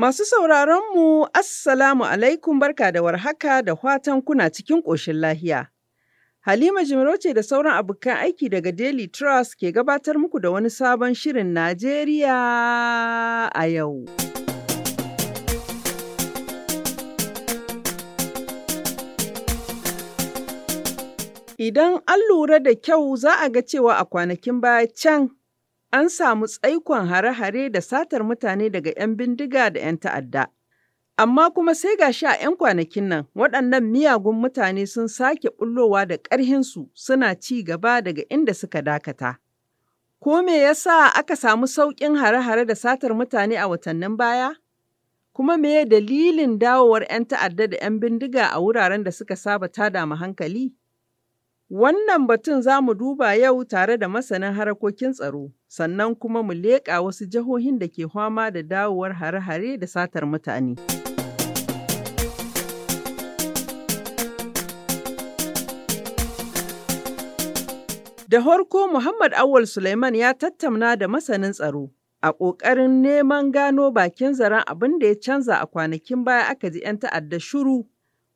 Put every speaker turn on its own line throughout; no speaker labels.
Masu sauraron mu Assalamu alaikum barka da warhaka da fatan kuna cikin ƙoshin lahiya. Halima ce da sauran abokan aiki daga Daily Trust ke gabatar muku da wani sabon shirin Najeriya a yau. Idan an lura da kyau za a ga cewa a kwanakin baya can an samu tsaikon hare-hare da satar mutane daga 'yan bindiga da 'yan ta'adda. Amma kuma sai ga shi a 'yan kwanakin nan waɗannan miyagun mutane sun sake bullowa da ƙarhinsu suna ci gaba daga inda suka dakata. Ko me ya sa aka samu sauƙin hare-hare da satar mutane a watannin baya? Kuma me dalilin dawowar 'yan ta'adda da 'yan bindiga a wuraren da suka saba tada hankali? Wannan batun za mu duba yau tare da masanin harkokin tsaro, sannan kuma mu leƙa wasu jihohin da ke fama da dawowar hare-hare da satar mutane. Da horko Muhammad Awal Suleiman ya tattauna da masanin tsaro a ƙoƙarin neman gano bakin zaren abin da ya canza a kwanakin baya aka ji 'yan ta'adda shuru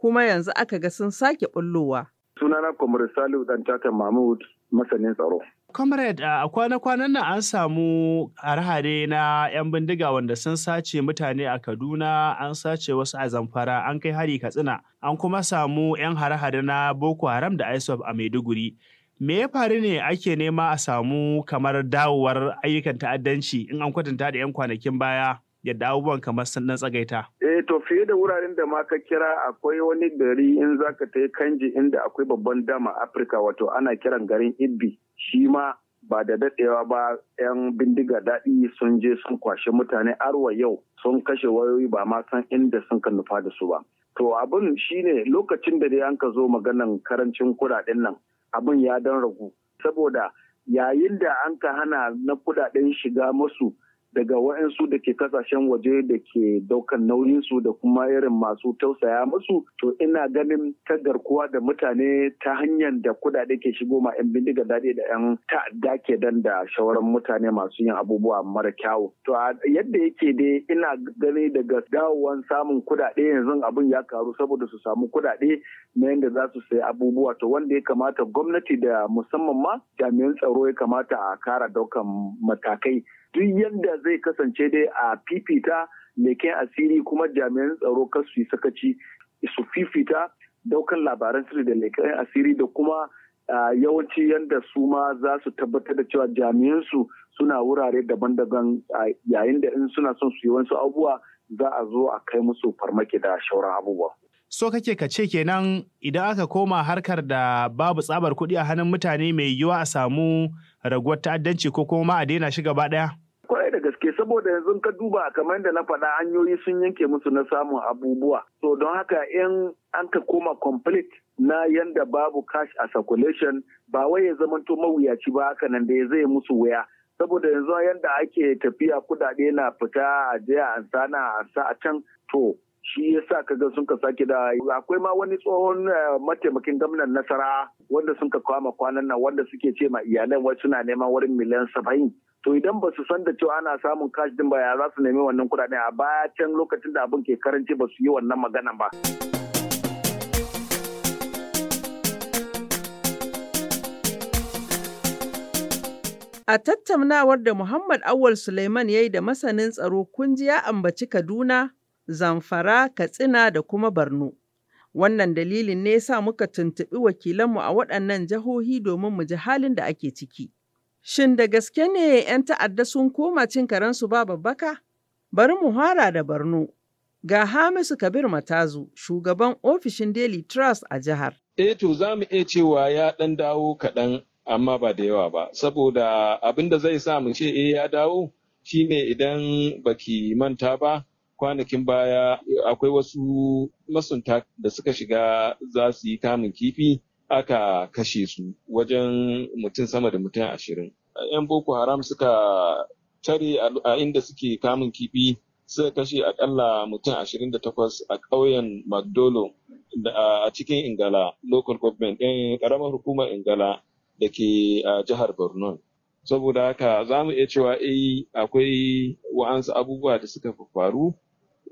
kuma yanzu aka ga sun sake ɓullowa.
Sunana Comrade Salihu Dan Tata Mahmud masanin tsaro.
Comrade a kwana-kwanan nan an samu harhare na 'yan bindiga wanda sun sace mutane a Kaduna, an sace wasu a Zamfara, an kai hari Katsina, an kuma samu 'yan harhare na Boko Haram da isof a Maiduguri. Me ya faru ne ake nema a samu kamar dawowar ayyukan ta'addanci in an kwatanta da 'yan kwanakin baya? yadda abubuwan kamar sun dan tsagaita.
Eh to fiye da wuraren da ma ka kira akwai wani gari in za ka ta kanji inda akwai babban dama Afirka wato ana kiran garin Ibbi shi ma ba da daɗewa ba 'yan bindiga daɗi sun je sun kwashe mutane arwa yau sun kashe wayoyi ba ma san inda sun ka nufa da su ba. To abin shine lokacin da dai an ka zo maganan karancin kuɗaɗen nan abin ya dan ragu saboda yayin da an ka hana na kuɗaɗen shiga masu daga waɗansu da ke kasashen waje da ke daukan nauyinsu da kuma irin masu tausaya musu to ina ganin ta garkuwa da mutane ta hanyar da kuɗaɗe ke shigo ma 'yan bindiga daɗi da 'yan ta'adda ke dan da shawaran mutane masu yin abubuwa mara kyawu to a yadda yake dai ina gani daga dawowan samun kuɗaɗe yanzu abin ya karu saboda su samu kuɗaɗe na yadda za su sayi abubuwa to wanda ya kamata gwamnati da musamman ma jami'an tsaro ya kamata a kara daukan matakai duk yadda zai kasance dai a fifita leken asiri kuma jami'an tsaro kan su yi sakaci su fifita daukan labaran sirri da leken asiri da kuma yawanci yadda su ma za su tabbatar da cewa jami'an su suna wurare daban-daban yayin da in suna son su yi wasu abubuwa za a zo a kai musu farmaki da shauran abubuwa.
so kake ka ce kenan idan aka koma harkar da babu tsabar kuɗi a hannun mutane mai yiwuwa a samu raguwar ta'addanci ko kuma a daina shi gaba ɗaya?
Kwarai da gaske saboda yanzu ka duba kamar da na faɗa hanyoyi sun yanke musu na samun abubuwa. So don haka in an ka koma complete na yanda babu cash a circulation ba wai ya zamanto mawuyaci ba haka nan da ya zai musu wuya. Saboda yanzu yanda ake tafiya kuɗaɗe na fita a je a ansana a can to shi ya sa kaga sun ka sake da akwai ma wani tsohon eh, mataimakin gwamnan nasara wanda sun ka kama kwanan nan wanda suke ce ma iyalan wai suna neman wurin miliyan saba'in to idan ba su san da cewa ana samun kashi din ba ya za su nemi wannan kuɗaɗe a baya can lokacin da abin ke karanci ba su yi wannan maganan ba.
A tattaunawar da Muhammad Awal Suleiman ya yi da masanin tsaro kun ji ya ambaci Kaduna, Zamfara, Katsina da kuma Borno. Wannan dalilin ne sa muka tuntuɓi wakilanmu a waɗannan jihohi domin mu ji halin da ake ciki. Shin da gaske ne 'yan ta'adda sun koma cin karensu ba babbaka? Bari mu hara da Borno. Ga Hamisu Kabir Matazu, shugaban ofishin Daily Trust a jihar.
Eh to za mu iya cewa ya ɗan dawo kaɗan amma ba da yawa ba, saboda abin da zai sa mu ce eh ya dawo shine idan baki manta ba kwanakin baya akwai wasu masunta da suka shiga za su yi kamun kifi aka kashe su wajen mutum sama da mutum ashirin. 'Yan Boko Haram suka tare a inda suke kamun kifi suka kashe akalla mutum ashirin da takwas a ƙauyen Magdolo a cikin Ingala local government ɗin ƙaramar hukumar Ingala da ke a jihar Borno. Saboda haka za mu iya cewa eh, akwai wa'ansu abubuwa da suka faru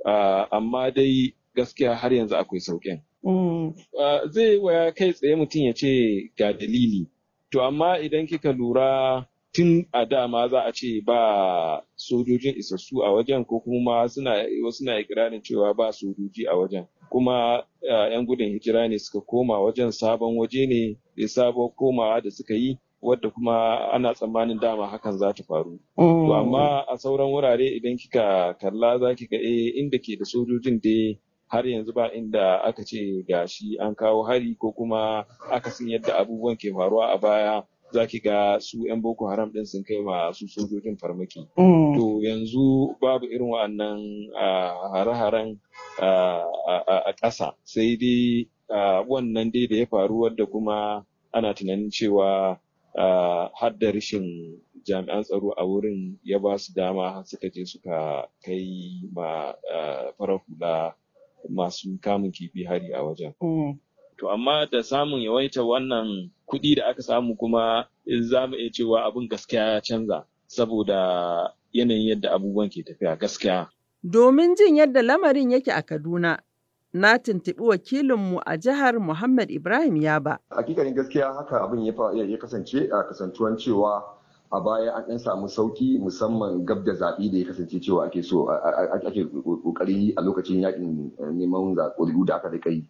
Ah, amma dai gaskiya har yanzu akwai sauƙin. Mm. Ah, zai waya kai tsaye mutum ya ce ga dalili. To amma idan kika lura tun a dama za a ce ba sojojin isassu a wajen ko kuma suna wasu na ikirarin cewa ba sojoji a wajen. Kuma ah, 'yan gudun hijira ne suka koma wajen sabon waje ne da sabon komawa da suka yi wadda kuma ana tsammanin dama hakan za ta faru. To mm. amma a sauran wurare idan kika kalla za ki ga eh, inda ke da sojojin dai har yanzu ba inda aka ce ga shi an kawo hari ko kuma aka san yadda abubuwan ke faruwa a baya za ki ga su 'yan boko haram din sun kai masu sojojin farmaki. Mm. To yanzu babu irin wa'annan hare-haren a ƙasa sai dai wannan dai da ya faru wadda kuma ana tunanin cewa har da rashin jami'an tsaro a wurin ya ba su dama suka je suka kai ma farar hula masu kamun kifi hari a wajen. Mm. To amma da samun yawaita wannan kuɗi da aka samu kuma za mu iya cewa abin gaskiya ya canza saboda yanayin yadda abubuwan ke tafiya gaskiya.
Domin jin yadda lamarin yake a Kaduna, na tuntuɓi wakilinmu a jihar Muhammad Ibrahim Yaba.
Hakikanin gaskiya haka abin ya kasance a kasantuwan cewa a baya an ɗan samu sauki musamman gab da zaɓi da ya kasance cewa ake so ake ƙoƙari a lokacin yakin eh, neman zaɓe da aka da kai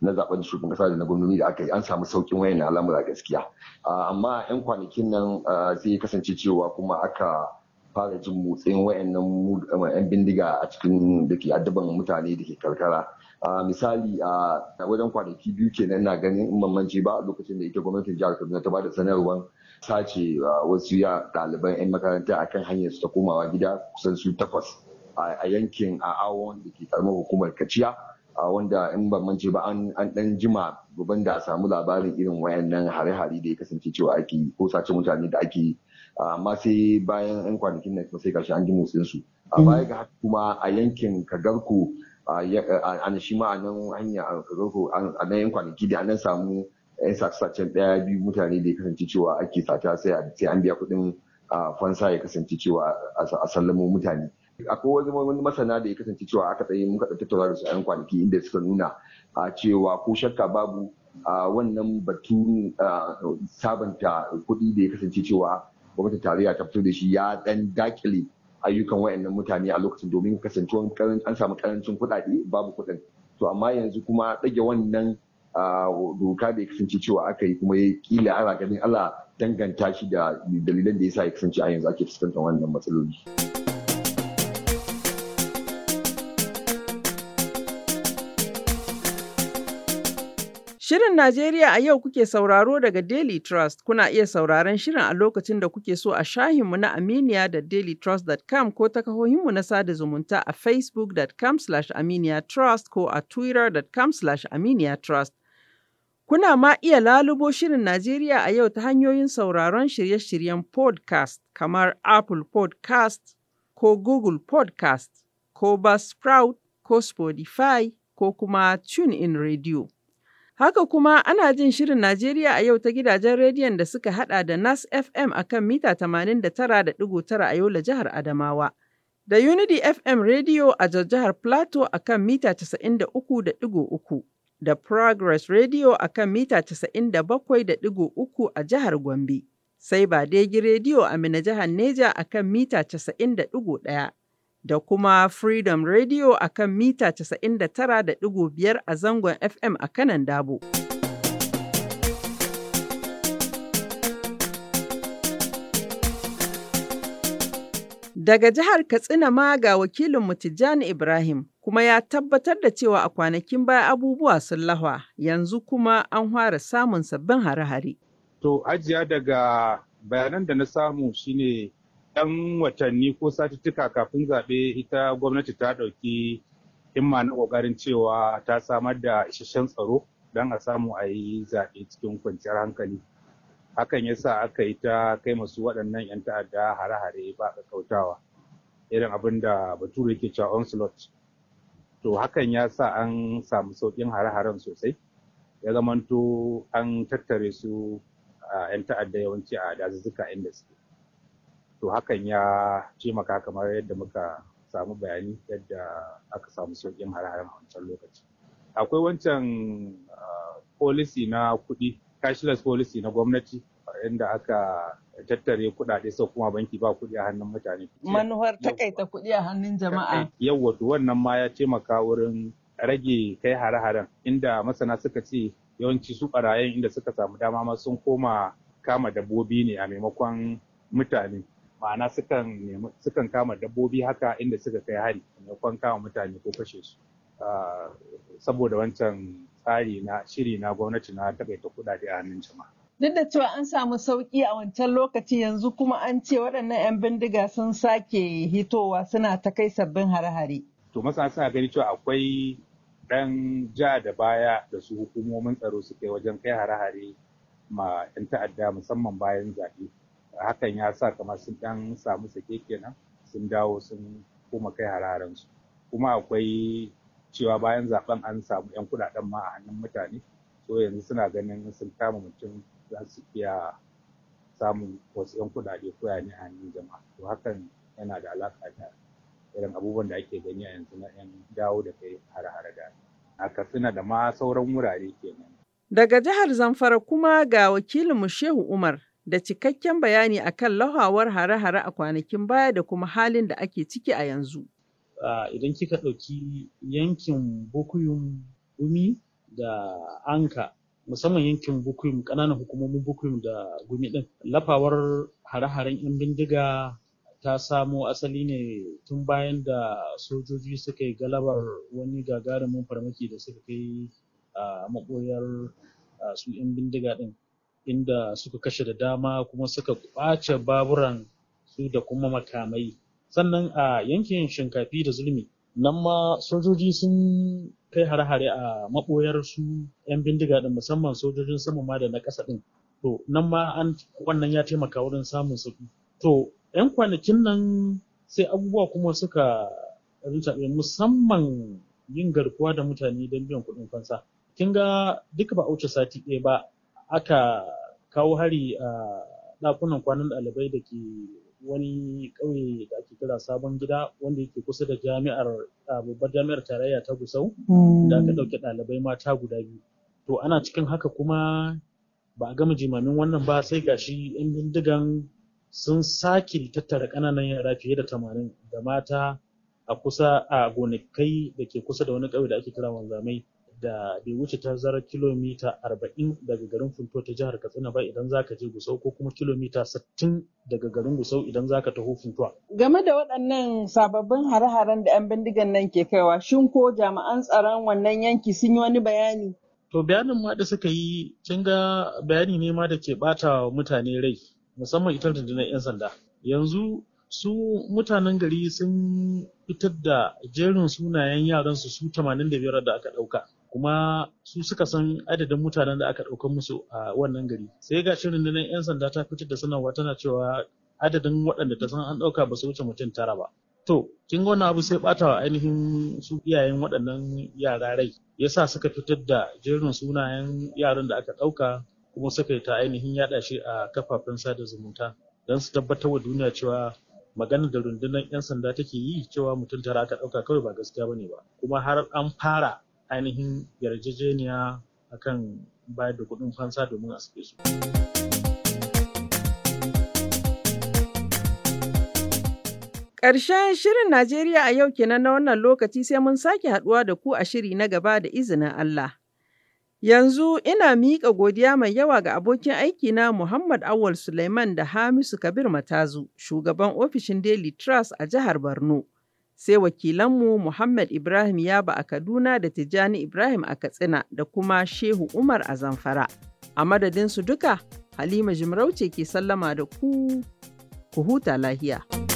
na zaɓen shugaban kasa da na gwamnoni da aka yi an samu saukin wayan al'amura gaskiya amma 'yan kwanakin nan sai kasance cewa kuma aka fara jin motsin wayannan 'yan eh, bindiga a cikin da ke addaban mutane da ke karkara a misali a wajen kwanaki biyu kenan na ganin in mamanci ba lokacin da ita gwamnatin jihar kaduna ta bada sanarwar sace wasu ya ɗaliban 'yan makaranta kan hanyar su ta komawa gida kusan su takwas a yankin a awon da ke karamar hukumar kaciya wanda in ban mance ba an dan jima gaban da a samu labarin irin wayannan hare-hare da ya kasance cewa ake ko sace mutane da ake amma sai bayan yan kwanakin nan sai karshe an ji motsin su a hmm. baya ga haka kuma a yankin kagarku a shi ma a nan hanya a roho a nan yan kwanaki da nan samu yan sace-sacen daya biyu mutane da ya kasance cewa ake sata sai an biya kuɗin fansa ya kasance cewa a sallamo mutane akwai wani masana da ya kasance cewa aka tsaye muka tattauna da su yan kwanaki inda suka nuna a cewa ko shakka babu a wannan batun sabanta kuɗi da ya kasance cewa gwamnatin tarayya ta fito da shi ya ɗan dakile ayyukan wayannan mutane a lokacin domin kasancewan an samu karancin kuɗaɗe babu kuɗin to amma yanzu kuma ɗage wannan doka da ya kasance cewa aka yi kuma ya kila ana ganin Allah danganta shi da dalilan da ya sa ya kasance a yanzu ake fuskantar wannan matsaloli.
Shirin Najeriya a yau kuke sauraro daga Daily Trust. Kuna iya sauraron shirin a lokacin da kuke so a shahinmu na Aminiya da dailytrust.com ko ta kahohinmu na sada zumunta a facebook.com slash trust ko a twitter.com slash trust Kuna ma iya lalubo shirin Najeriya a yau ta hanyoyin sauraron shirye-shiryen podcast kamar Apple podcast ko Google podcast ko Buzzsprout ko Spotify ko kuma TuneIn Radio. Haka kuma ana jin Shirin Najeriya a yau ta gidajen rediyon da suka haɗa da Nas FM a kan mita 89.9 a yau da jihar Adamawa, da Unity FM Radio a jihar Plateau a kan mita 93.3, da Progress Radio a kan mita 97.3 a jihar Gombe. Sai ba Badegi Radio a Mina jihar Neja a kan mita 91. da kuma Freedom Radio a kan mita 99.5 a zangon FM a kanan Dabo. Daga jihar Katsina ma ga wakilin Tijjani Ibrahim kuma ya tabbatar da cewa a kwanakin baya abubuwa sun lahwa yanzu kuma an fara samun sabbin hare-hare. To ajiya daga bayanan da
na samu shine 'yan watanni ko satuttuka kafin zaɓe ita gwamnati ta ɗauki himma na ƙoƙarin cewa ta samar da isasshen tsaro don a samu a yi zaɓe cikin kwanciyar hankali hakan yasa aka yi ta kai masu waɗannan 'yan ta'adda hare-hare ba kautawa irin abin da bature yake cewa onslaught to hakan ya sa an samu sauƙin hare-haren sosai ya zamanto an tattare su 'yan ta'adda yawanci a dazuzzuka inda suke to hakan ya taimaka kamar yadda muka samu bayani yadda aka samu sauƙin hare-haren a wancan lokaci akwai wancan ah, policy na kuɗi cashless policy na gwamnati inda aka tattare kuɗaɗe sau kuma banki ba kuɗi a hannun mutane.
Manuwar takaita kuɗi a hannun jama'a.
Yau wato wannan ma ya taimaka wurin rage kai hare-haren inda masana suka ce yawanci su ɓarayen inda suka samu dama ma sun koma kama dabbobi ne a maimakon mutane ma'ana sukan sukan kama dabbobi haka inda suka kai hari maimakon kama mutane ko kashe su ah, saboda wancan tsari na shiri na gwamnati na takaita kuɗaɗe a hannun jama'a
duk da cewa an samu sauki a wancan lokaci yanzu kuma an ce waɗannan 'yan bindiga sun sake hitowa suna ta kai sabbin hare-hare.
To masana suna gani cewa akwai ɗan ja da baya da su hukumomin tsaro suke wajen kai hare-hare ma 'yan ta'adda musamman bayan zaɓe. hakan ya sa kamar sun ɗan samu sake kenan sun dawo sun koma kai hararansu kuma akwai cewa bayan zaben an samu 'yan kudaden ma a hannun mutane so yanzu suna ganin sun kama mutum za su iya samun wasu 'yan kudade koya ne hannun jama'a to hakan yana da alaka da irin abubuwan da ake gani a yanzu na 'yan dawo da kai hare da a katsina da
ma sauran
wurare kenan.
Daga jihar Zamfara kuma ga wakilin mu Shehu Umar da cikakken bayani akan lahawar hare-hare a kwanakin baya da kuma halin da ake ciki a yanzu. Idan kika ɗauki
yankin Bukuyin
Gumi da Anka,
musamman yankin Bukuyin ƙananan hukumomin Bukuyin da Gumi ɗin, lafawar hare-haren 'yan bindiga ta samo asali ne tun bayan da sojoji suka yi galabar wani gagarumin farmaki da suka kai a maɓoyar su 'yan bindiga ɗin. inda suka kashe da dama kuma suka ƙwace baburan su da kuma makamai sannan a yankin shinkafi da zulmi nan ma sojoji sun kai hare-hare a maɓoyar su 'yan bindiga din musamman sojojin sama ma da na ƙasa din to nan ma an wannan ya taimaka wurin samun sauki to 'yan kwanakin nan sai abubuwa kuma suka rintaɓe musamman yin garkuwa da mutane don biyan kuɗin fansa kin ga duka ba a wuce sati ɗaya ba aka kawo hari a ɗakunan kwanan ɗalibai da ke wani ƙauye da ake kira sabon gida wanda yake kusa da jami'ar babbar jami'ar tarayya ta gusau hmm. da aka ɗauki ɗalibai mata guda biyu to ana cikin haka kuma ba a gama jimamin wannan ba sai gashi yan bindigan sun sake tattara ƙananan yara fiye da tamanin da mata a kusa a gonakai da ke kusa da wani ƙauye da ake kira wanzamai da bai wuce tazarar kilomita arba'in daga garin Funto ta jihar Katsina ba idan za ka je Gusau ko kuma kilomita sittin daga garin Gusau idan za ka taho Funtuwa.
Game da waɗannan sababbin hare-haren da 'yan bindigan nan ke kaiwa, shin ko jami'an tsaron wannan yanki sun yi wani bayani? To bayanin ma
da suka yi kin ga bayani ne ma da ke bata mutane rai musamman ita rundunar 'yan sanda. Yanzu su mutanen gari sun fitar da jerin sunayen yaransu su 85 da aka ɗauka. kuma su suka san adadin mutanen da aka ɗaukar musu a wannan gari sai ga shirin rundunar 'yan sanda ta fitar da sanarwa tana cewa adadin waɗanda ta san an ɗauka ba su wuce mutum tara ba to kin ga wani abu sai ɓata wa ainihin su iyayen waɗannan yara rai yasa suka fitar da jerin sunayen yaran da aka ɗauka kuma suka yi ta ainihin yaɗa shi a kafafen sada zumunta don su tabbatar wa duniya cewa maganar da rundunar 'yan sanda take yi cewa mutum tara aka ɗauka kawai ba gaskiya bane ba kuma har an fara ainihin yarjejeniya akan bayar da kuɗin fansa domin a suke su.
Ƙarshen shirin Najeriya a yau kenan na wannan lokaci sai mun sake haɗuwa da ku a shiri na gaba da izinin Allah. Yanzu ina miƙa godiya mai yawa ga abokin aikina Muhammad Awal Suleiman da Hamisu Kabir Matazu, shugaban ofishin Daily Trust a jihar Borno. sai wakilanmu Muhammad Ibrahim ya ba a Kaduna da Tijjani Ibrahim a Katsina da kuma Shehu Umar a Zamfara. A madadinsu duka, Halima Jimarauce ke sallama da ku, ku huta lahiya.